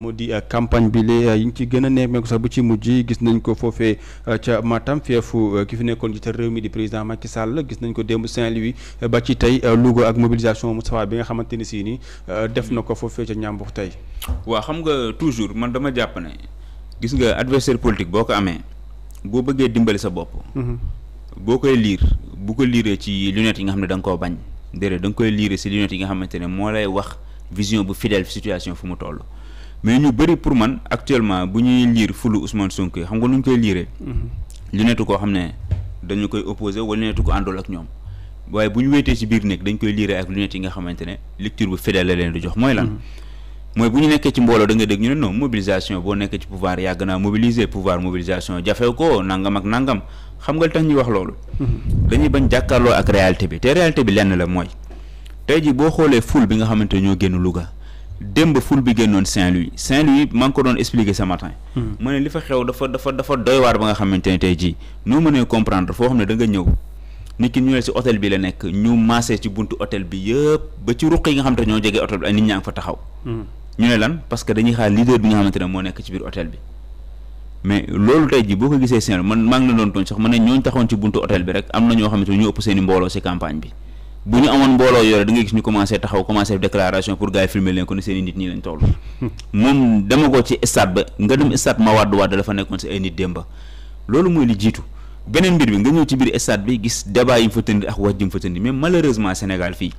moo di euh, campagne bi lee euh, yi ngi ci gën a nemmeeku sax bu ci mujj gis nañ ko foofee euh, ca Matam feefu ki fi nekkoon jiite réew mi di président Macky Sall gis nañ ko démb Saint-Louis ba ci tey Louga ak mobilisation Moustapha bi nga xamante ni si ni def na ko foofee ca Ñambur tey. waa xam nga toujours man dama jàpp ne gis nga adversaire politique boo ko amee boo bëggee dimbali sa bopp. Mhm. boo koy liir bu ko liiree ci lunettes yi nga xam ne da nga koo bañ déedéet da koy liiree si yi nga xamante ne moo lay wax vision bu fidèle situation fu mu toll. mais ñu bëri pour man actuellement bu ñuy liir fulu Ousmane Sonko xam nga nu ñu koy liiree. Mhm. lu nettu koo xam ne dañu koy opposé wala lu nettu ko àndool ak ñoom waaye bu ñu wéetee ci biir nekk dañ koy liire ak lunettes yi nga xamante ne lecture bu leen di jox mooy lan. Mhm. mooy bu ñu nekkee ci mbooloo da nga dégg ñu ne non mobilisation boo nekkee ci pouvoir yàgg naa mobiliser pouvoir mobilisation jafew ko nangam ak nangam xam nga li tax ñuy wax loolu. Mhm. dañuy bañ jàkkaarloo ak réalité bi te bi lenn la mooy. tey jii boo xoolee ful bi nga xamante ñoo génn Louga. démb ful bi génnoon Saint-Louis Saint-Louis maa ko doon expliquer ce matin. Hmm. ma ne li fa xew dafa dafa dafa doy waar ba nga xamante ne tey jii noo mënee comprendre foo xam ne da nga ñëw nit ki ñu ne nekk ñu maase ci buntu hôtel bi yëpp ba ci ruq yi nga xam taxaw. Hmm. ñu ne lan parce dañuy xaar leader bi nga xamante ne moo nekk ci biir hôtel bi. mais loolu tey jii boo ko gisee Saint-Louis man maa ngi la doon tooñ sax ma ne ñooñu taxoon ci buntu hôtel bi rek am na ñoo xamante ne ñoo ëpp seen mbooloo si campagne bi. bu ñu amoon mbooloo yore da ngay gis ñu commencé taxaw commencé def déclaration pour gars yi filmer leen ko ne i nit ñi lañ toll. moom dama ko ci stade ba nga dem ma Mawade Wade dafa nekkoon si ay nit démba loolu mooy li jiitu beneen mbir bi nga ñëw ci biir stade bi gis débat yi mu fa tënd ak wax ji mu fa mais malheureusement Sénégal fii.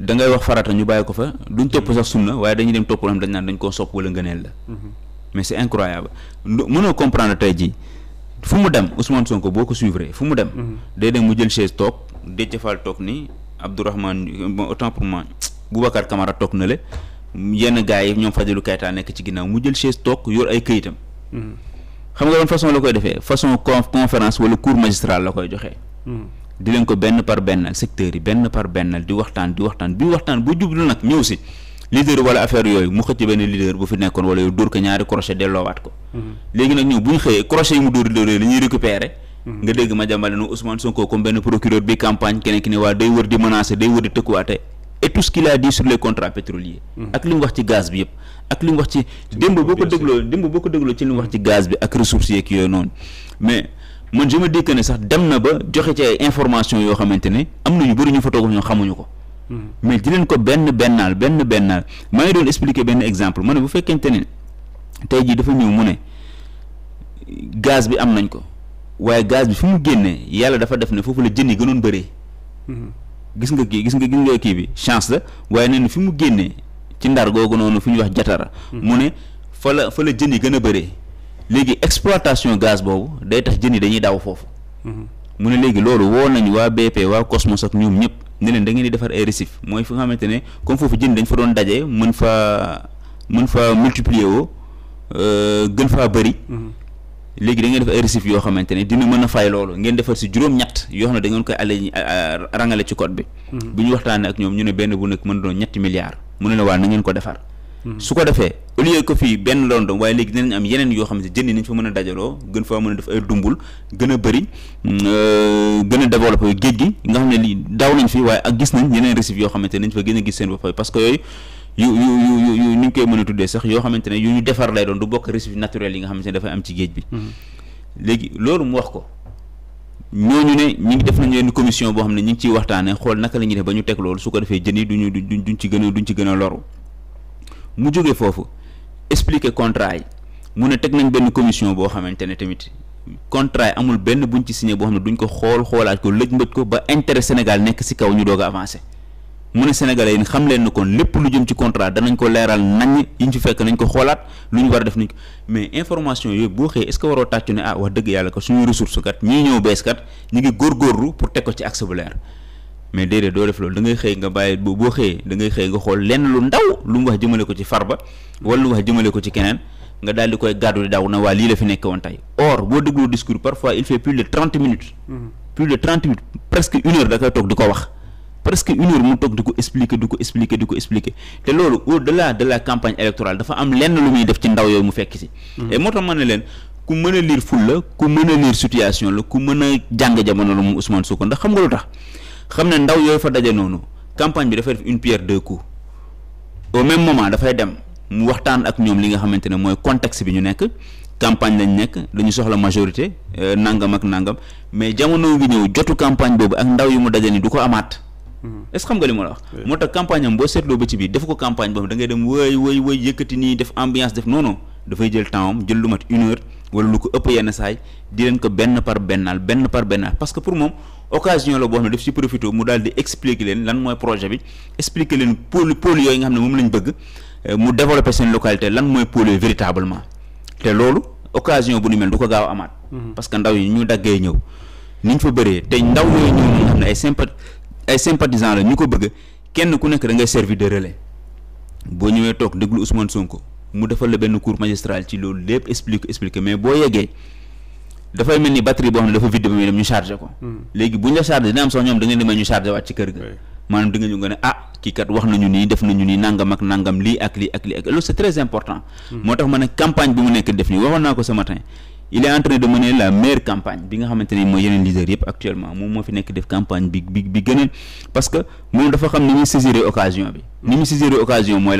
da ngay wax farata ñu bàyyi ko fa duñ topp mm-hmm. sax sunna waaye dañuy dem topp xam dañ naan dañ koo sopp wala ngëneel la. Mm-hmm. mais c'est incroyable mënoo comprendre tey jii. fu mu dem Ousmane Sonko boo ko suivre fu mu dem. Mhm. day dem mu jël chaise toog Déthié Fall toog nii Abdourahmane bon autant pour moi Boubacar toog na le yenn gars yi ñoom Fadilou Keita nekk ci ginnaaw mu jël chaise toog yor ay këyitam. Mhm. xam nga doon façon la koy defee façon conférence wala cours magistral la koy joxee. Mhm. di leen ko benn par bennal secteur yi benn par bennal di waxtaan di waxtaan bi waxtaan bu jublu nag ñëw si. leader wala affaire yooyu mu xëcc benn leader bu fi nekkoon wala yow dóor ko ñaari crochet delloowaat ko. Mhm. léegi nag ñoom bu xëyee crochet yi mu dóor leader yooyu la mhm. nga dégg ma jàmbale nu Ousmane Sonko comme benn procureur bi campagne keneen ki ne waa day wër di menacer day wër di tëkkuwaate et tout ce qu'il a dit sur les contrats pétroliers. Mhm. ak li mu wax ci gaz bi yëpp. ak li wax ci démb boo ko dégloo démb boo ko dégloo ci li mu wax ci gaz bi ak sax dem na ba joxe ci information yoo xamante ne am na ñu bëri ñu fa toog ñoo xamuñu ko mais di leen ko benn bennaal benn bennaal maa ngi doon expliquer benn exemple ma ne bu fekkente ne tey jii dafa ñëw mu ne gaz bi am nañ ko waaye gaz bi fu mu génnee yàlla dafa def ne foofu la jën yi gënoon bëree. gis nga kii gis nga gis kii bi chance la waaye nee na fi mu génnee ci ndar googu noonu fi ñuy wax jatara. mu ne fa la fa jën gën a bëree léegi exploitation gaz boobu day tax jën yi dañuy daw foofu. mu ne léegi loolu woo nañ waa BP waa Cosmos ak ñoom ñëpp. ne leen da ngeen di defar ay récif mooy fi nga xamante ne comme foofu jën dañ fa doon daje mën fa mën fa multiplier woo euh, gën faa bëri mm-hmm. léegi da ngeen def ay récif yoo xamante ne dina mën na fay loolu ngeen defar si juróom-ñett yoo xam ne da koy alle rangale ci code bi mm-hmm. bu ñu waxtaanee ak ñoom ñu ne benn bu nekk mën doon ñetti milliards mu ne la waa na ngeen ko defar mm-hmm. su ko defee au lieu que fii benn loon doom waaye léegi dinañ am yeneen yoo xam ne jënd nañ fa mën a dajaloo gën faa mën a def ay dumbul gën a bëri mm, euh, gën a développé géej gi nga xam ne li nañ fi waaye ak gis nañ yeneen récifs yoo xamante ne nañ fa gën a gis seen bopp parce que yooyu ni ñu koy mën a tuddee sax yoo xamante ne yu ñu defar lay doon du bokk récifs naturels yi nga xamante ne dafay am ci géej bi mm-hmm. léegi loolu mu wax ko ñooñu ne ñu ngi def nañu leen commission boo xam ne ñu ngi ciy waxtaanee xool naka la ñuy def ba ñu teg loolu su ko defee jën yi duñu duñ gën duñ ci gën a loru mu jógee foofu expliquer contrat yi mu ne teg nañ benn commission boo xamante ne tamit contrat amul benn buñ ci signé boo xam ne duñ ko xool xoolaat ko lëj mbëj ko ba intérêt Sénégal nekk si kaw ñu doog a avancé mu ne sénégalais yi xam leen kon lépp lu jëm ci contrat danañ ko leeral nañ yiñ ci fekk nañ ko xoolaat lu ñu war def nañ ko mais information yooyu boo xëyee est ce que waroo tàccu ne ah wax dëgg yàlla ko suñu ressource kat ñii ñëw bees kat ñu ngi góorgóorlu pour teg ko ci axe leer mais déedéet doo def loolu da ngay xëy nga bàyyi boo xëyee da ngay xëy nga xool lenn lu ndaw lu mu wax jëmale ko ci farba wala lu mu wax jëmale ko ci keneen nga daal di koy gàddu di daw na waa lii la fi nekk woon tey or boo dégloo discours parfois il fait plus de trente minutes mm-hmm. plus de trente minutes presque une heure da toog di ko wax presque une heure mu toog di ko expliquer di ko expliquer di ko expliquer te loolu au delà de la campagne électorale dafa am lenn lu muy def ci ndaw yooyu mu fekk si mm-hmm. moo tax ma ne leen ku mën a lire ful la ku situation la mën a jàng jamono la mu Ousmane Sonko ndax xam nga lu tax xam ne ndaw yooyu fa daje noonu campagne bi dafay def une pierre deux coups au moment dafay dem mu waxtaan ak ñoom li nga xamante ne mooy contexte bi ñu nekk campagne lañ nekk dañu soxla majorité euh, nangam ak nangam mais jamono ngi ñëw jotu campagne boobu ak ndaw yu mu daje ni du ko amaat. Mm-hmm. est-ce que xam nga li ma la wax. moo tax campagne boo seetloo ba ci biir def ko campagne boobu da ngay dem wëy wëy wëy yëkkati nii def ambiance def non dafay jël temps jël lu mat wala lu ko ëpp yenn saay di leen ko benn par bennal benn par bennal parce que pour moom occasion la boo xam ne daf ci profité mu daal di expliquer leen lan mooy projet bi expliquer leen pôle pôle yooyu nga xam ne moom lañ bëgg euh, mu développer seen localité lan mooy pôle véritablement te loolu occasion bu ni mel du ko gaaw a amaat. Mhm. parce que ndaw yi ñu daggee ñëw ñu fa bëree te ndaw yooyu ñëw ñi nga xam ne ay sympa la ñu ko bëgg kenn ku nekk da ngay servir de relais boo ñëwee toog déglu Ousmane Sonko mu defal la benn cour magistral ci loolu lépp explique expliqué mais boo yeggee dafay mel ni batterie boo xam ne dafa vide ba muy ñu chargé ko. Hmm. léegi bu ñu la chargé dina am sax ñoom da ngeen di may ñu chargé waat ci kër ga. maanaam da nga ñu nga ne ah kii kat wax nañu nii def nañu nii nangam ak nangam lii ak lii ak lii ak loolu c'est très important. Hmm. moo tax ma ne campagne bi mu nekk def nii waxoon naa ko ce matin. il est en train de mener la meilleure campagne bi nga xamante ni mooy yeneen leaders yëpp actuellement moom moo fi nekk def campagne bi bi gën a parce que moom dafa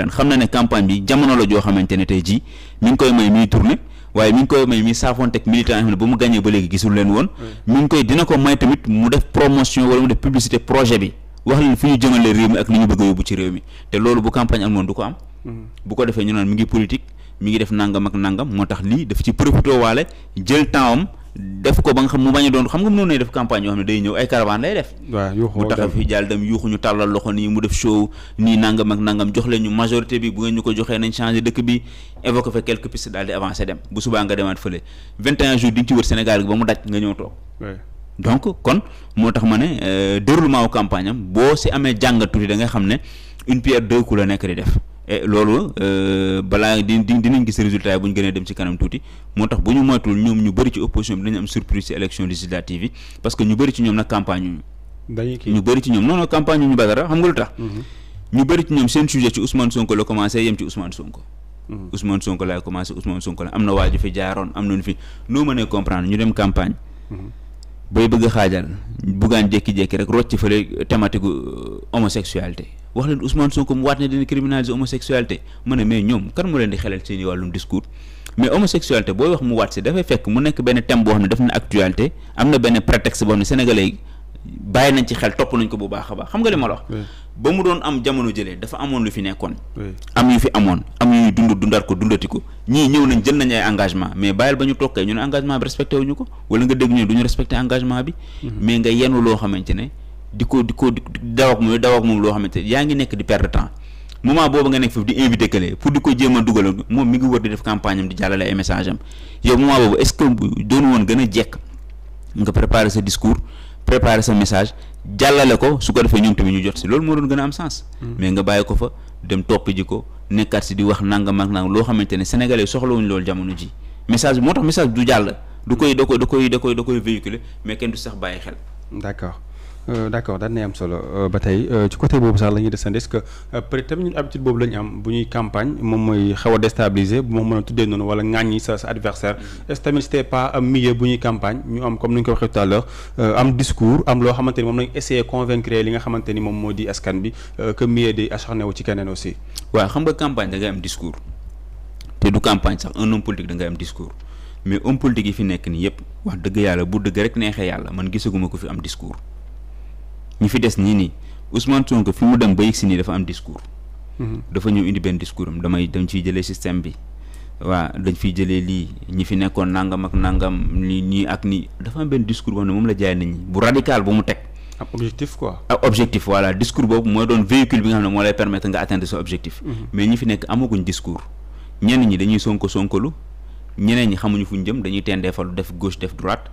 xam ne campagne bi jamono la joo xamante ne tey jii mi ngi koy may muy tourner waaye mi ngi koy may muy saafoonteeg militant yi xam ba mu gagné ba léegi gisul leen woon mi ngi koy dina ko may tamit mu def promotion wala mu def publicité projet bi wax leen fi ñu jëmale réew mi ak li ñu bëgg yóbbu ci loolu bu campagne amoon du mm-hmm. naan mi ngi mi ngi def nangam ak nangam moo tax lii daf ci profité waale jël temps def ko ba nga xam mu bañ a doon xam nga mënoon nañ def campagne yoo xam ne day ñëw ay caravane lay def mu taxaw ñu tàllal loxo nii mu def show nii nangam ak nangam jox leen ñu majorité bi bu ñu ko joxee nañ changé dëkk bi évoqué fa quelques pistes daal di avancé dem bu subaa nga demaat fële 21 jours di nga ci wër Sénégal ba mu daj nga donc kon moo tax ma ne euh, déroulement wu campagne boo si amee jàngatu tuuti da nga xam ne une pierre deux coups la nekk di def et eh, loolu euh, balaa di di dinañ gis résultat yi bu ñu gënee dem ci kanam tuuti moo tax bu ñu moytuwul ñoom ñu bëri ci opposition bi dinañ am surprise ci élection législative yi parce que ñu bëri ci ñoom nag campagne dañuy ñu bëri ci ñoom non non campagne ñu badara xam nga lu tax. Mhm. ñu bëri ci ñoom seen sujet ci Ousmane Sonko la commencé yem ci Ousmane Sonko. Mhm. Ousmane Sonko laay commencé Ousmane Sonko la am na waaju fi jaaroon am nañu fi noo mënee comprendre ñu dem campagne. Mhm. bay bëgg a xaajal buggaan jékki-jékki rek rocc fële thématique euh, homosexualité. wax leen Ousmane Sonko mu waat ne dina criminaliser homosexualité ma ne mais ñoom kan mu leen di xelal seeni wàllum discours mais homosexualité booy wax mu waat si dafay fekk mu nekk benn thème boo xam ne daf na actualité am na benn prétexte boo xam ne sénégalais yi bàyyi nañ ci xel topp nañ ko bu baax a baax xam nga li ma la ba mu doon am jamono jëlee dafa amoon lu fi nekkoon. am yu fi amoon am yu dund dundar ko dundati ko ñii ñëw nañ jël nañ ay engagement mais ba ñu ñu ne engagement bi respecté wuñu ko wala nga dégg ñu ne du ñu respecté engagement bi. Mm-hmm. mais nga yenu loo xamante ne. di ko di ko daw ak moom daw ak moom loo xamante yaa ngi nekk di perdre temps moment boobu nga nekk foofu di invité kële pour di ko jéem a dugal moom mi ngi wër di def campagne am di jàllale ay message am yow moment boobu est doonu woon gën a jekk nga préparer sa discours préparer sa message jàllale ko su ko defee ñoom tamit ñu jot si loolu moo doon gën a am sens. Hmm. mais nga bàyyi ko fa dem topp ji ko nekkaat si di wax nangam ak nangam loo xamante ne sénégalais soxlawuñ loolu jamono ji message bi moo tax message du jàll. du koy da koy koy da koy koy véhiculer mais kenn du sax bàyyi xel. d'accord. Euh, d' accord daan am solo euh, ba tey euh, ci côté boobu sax la ñuy desandi est ce que peut tamit ñun habitude boobu la ñu am bu ñuy campagne moom mooy xaw a déstabiliser bu ma mën a tuddee noonu wala ŋàññi sa sa adversaire mm-hmm. est ce tamit pas am milieu bu ñuy campagne ñu am comme ni ñu ko waxee tout à am discours am loo xamante ni moom lañu essayer convaincre li nga xamante ni moom moo di askan bi que milieu di acharné wu ci keneen aussi. waa xam nga campagne da ngay am discours te du campagne sax un homme politique da ngay am discours. mais homme politique fi nekk nii yëpp wax dëgg yàlla bu dëgg rek neexee yàlla man gisaguma ko fi am discours ñi fi des nii nii Ousmane Sonko fi mu dem ba yegg si nii dafa am discours. Mhm. dafa ñëw indi benn discours am damay dañ ciy jëlee système bi waa dañu fiy jëlee lii ñi fi nekkoon nangam ak nangam nii nii ak nii dafa am benn discours boo xam ne moom la jaay nit ñi bu radical bu mu teg. ab objectif quoi. ab objectif voilà discours boobu mooy doon véhicule bi nga xam ne moo lay permettre nga atteindre sa objectif. Mhm. mais ñi fi nekk amaguñ discours. ñenn ñi dañuy sonko sonkalu ñeneen ñi xamuñu fu ñu jëm dañuy tendee falu def gauche def droite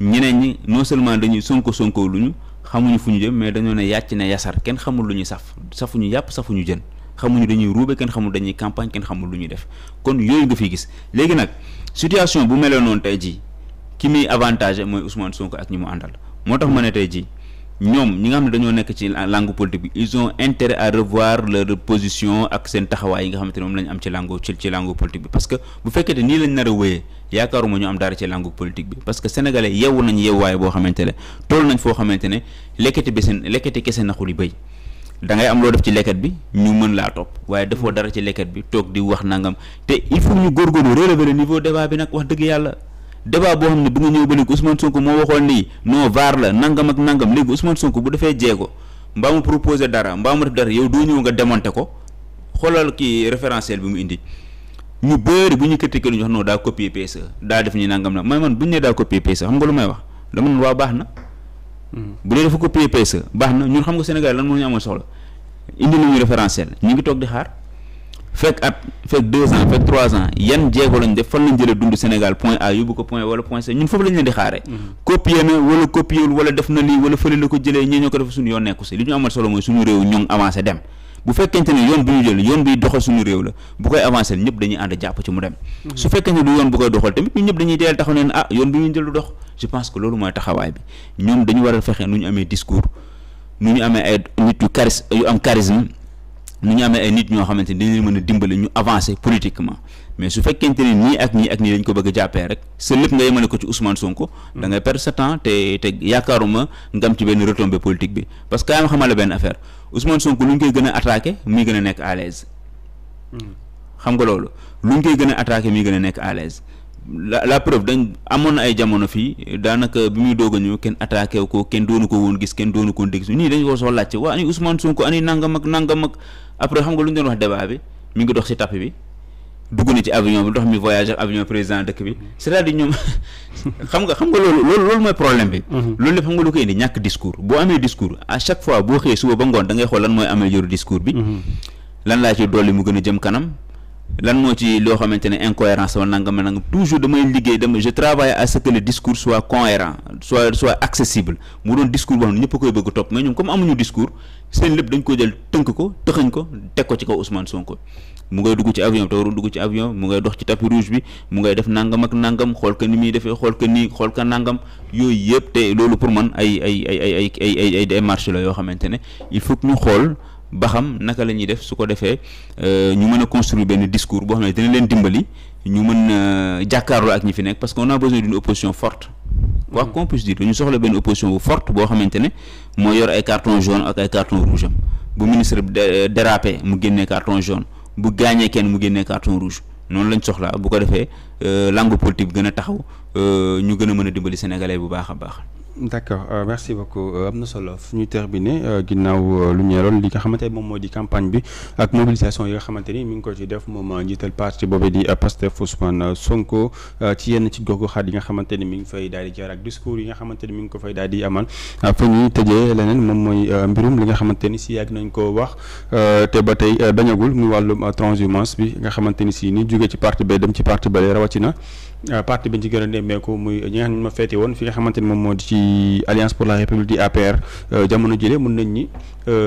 ñeneen ñi non seulement dañuy sonko sonkaluñu xamuñu fu ñu jëm mais dañoo ne yàcc ne yasar kenn xamul lu ñuy saf safuñu yàpp safuñu jën xamuñu dañuy ruube kenn xamul dañuy campagne kenn xamul lu ñuy def kon yooyu nga fiy gis léegi nag situation bu melee noonu tey jii ki muy avantage mooy Ousmane Sonko ak ñi mu àndal moo tax ma ne tey jii ñoom ñi nga xam ne dañoo nekk ci langue politique bi ils ont intérêt à revoir leur position ak seen taxawaay yi nga xamante ne moom la am ci langue ci bi parce que bu fekkee te nii lañ nar a wéyee yaakaaruma ñu am dara ci langue politique bi parce que sénégalais yeewu nañ yeewuwaay boo xamante ne toll nañ foo xamante ne lekkati bi seen lekkati kese naxuli béy da ngay am loo def ci lekkat bi ñu mën laa topp waaye defoo dara ci lekkat bi toog di wax nangam te il faut ñu débat boo xam ne bu nga ñëw ba léegi Ousmane Sonko moo waxoon nii non vaar la nangam ak nangam léegi Ousmane Sonko bu defee jéego mbaa mu proposé dara mbaa mu def dara yow doo ñëw nga démonté ko xoolal kii référentiel bi mu indi ñu bëri bu ñu critiqué lu ñu wax non daa copier PSE daa def ñu nangam na man man bu ñu ne daa copier PSE xam nga lu may wax dama ne waa baax na. Hmm. bu dee dafa copier PSE baax na ñun xam nga Sénégal lan moo ñu amoon soxla indi nañu référentiel ñu ngi toog di xaar at fekk deux ans fekk trois ans yan jéego lañ def fan lañ jëlee dund Sénégal point A yóbbu ko point wala point C ñun foofu lañ leen di xaaree. Mhm. copier na wala copier wala def na lii wala fële la ko jëlee ñee ñoo ko def suñu yoon nekku si li ñu amal solo suñu réew ñu avancé dem bu fekkente ne yoon bi ñu jël yoon biy doxal suñu réew la bu koy avancé ñëpp dañuy ànd jàpp ci mu dem mhm. su fekkente ne du yoon bu koy doxal tamit ñun ñëpp dañuy teel taxaw ne ah a fexe nu ñu amee discours nu ñu amee ay nit ñoo xamante ni dañu leen mën a dimbali ñu avancer politiquement mais su fekkente ni nii ak nii ak nii lañ ko bëgg jàppee rek sa lépp nga yemale ko ci Ousmane Sonko. da ngay perdre sa temps te te yaakaaruma nga am ci benn retombée politique bi parce que kaayam xamala benn affaire Ousmane Sonko lu ñu koy gën a attaqué muy gën nekk à hmm. xam nga loolu lu ñu koy gën a attaqué muy gën a nekk à l'aise la la preuve dañ amoon na ay jamono fii daanaka bi muy doog a ñëw kenn attaqué ko kenn doonu ko woon gis kenn doonu ko woon dégg su nii dañ ko soxla laajte waa ani Ousmane Sonko ani nangam ak après xam nga lu ñu doon wax débat bi mi ngi dox si tapis bi dugg na ci avion bi dox mi voyage ak président dëkk bi c'est-à-dire ñoom xam nga xam nga loolu loolu loolu mhm. xam nga lu koy indi ñàkk discours boo amee discours à chaque fois boo xëyee suba ba ngoon da ngay xool lan mooy améliorer lan moo ci loo xamante ne incohérence wala nangam a nanga toujours damay liggéey dama je travaille à ce que le discours soit cohérent soit soit accessible mu doon discours boo xam ne ñëpp koy bëgg topp mais ñoom comme amuñu discours seen lépp dañ ko jël tënk ko tëxañ ko teg ko ci kaw Ousmane Sonko mu ngay dugg ci avion te warul dugg ci avion mu ngay dox ci tapis rouge bi mu ngay def nangam ak nangam xool ka ni muy defee xool ka ni xool k nangam yooyu yëpp te loolu pour man ay ay ay ay ay ay ay démarche la yoo xamante ne il faut que xool ba xam naka la ñuy def su ko defee euh, ñu mën a construire benn discours boo xam ne dina leen dimbali ñu mën a euh, jàkkaarloo ak ñi fi nekk parce que on a besoin d'une opposition forte. quoi mm-hmm. qu'on soxla benn opposition forte boo xamante ne moo yor ay carton jaune ak ay carton rouge am bu ministre bi euh, mu génnee carton bu gaañee kenn mu génnee carton rouge noonu lañ soxla bu ko defee langue politique gën a taxaw ñu gën a mën a dimbali sénégalais bu baax a baax. d'accord euh, merci beaucoup euh, am na solo fu ñu ne euh, ginnaaw euh, lu ñeeloon li nga xamante ne moom moo di campagne bi ak mobilisation yi nga xamante ni mi ngi ko ci def moom njiital parti boobu di Pastef Ousmane Sonko ci yi nga xamante ni mi ngi fay daal di jaar ak discours yi nga xamante ni ngi ko fay daal di amal fa ñuy tëjee leneen moom xamante ni si yàgg nañ ko wax te ba tey dañagul muy wàllum transhumance bi nga xamante ni si ni jóge ci parti ba dem ci parti bale rawatina parti bi ñu ci gën a nemmeeku muy ñi ma feete woon fi nga xamante ni moom moo di ci di alliance pour la république di APR euh, jamono jile mun nañ euh,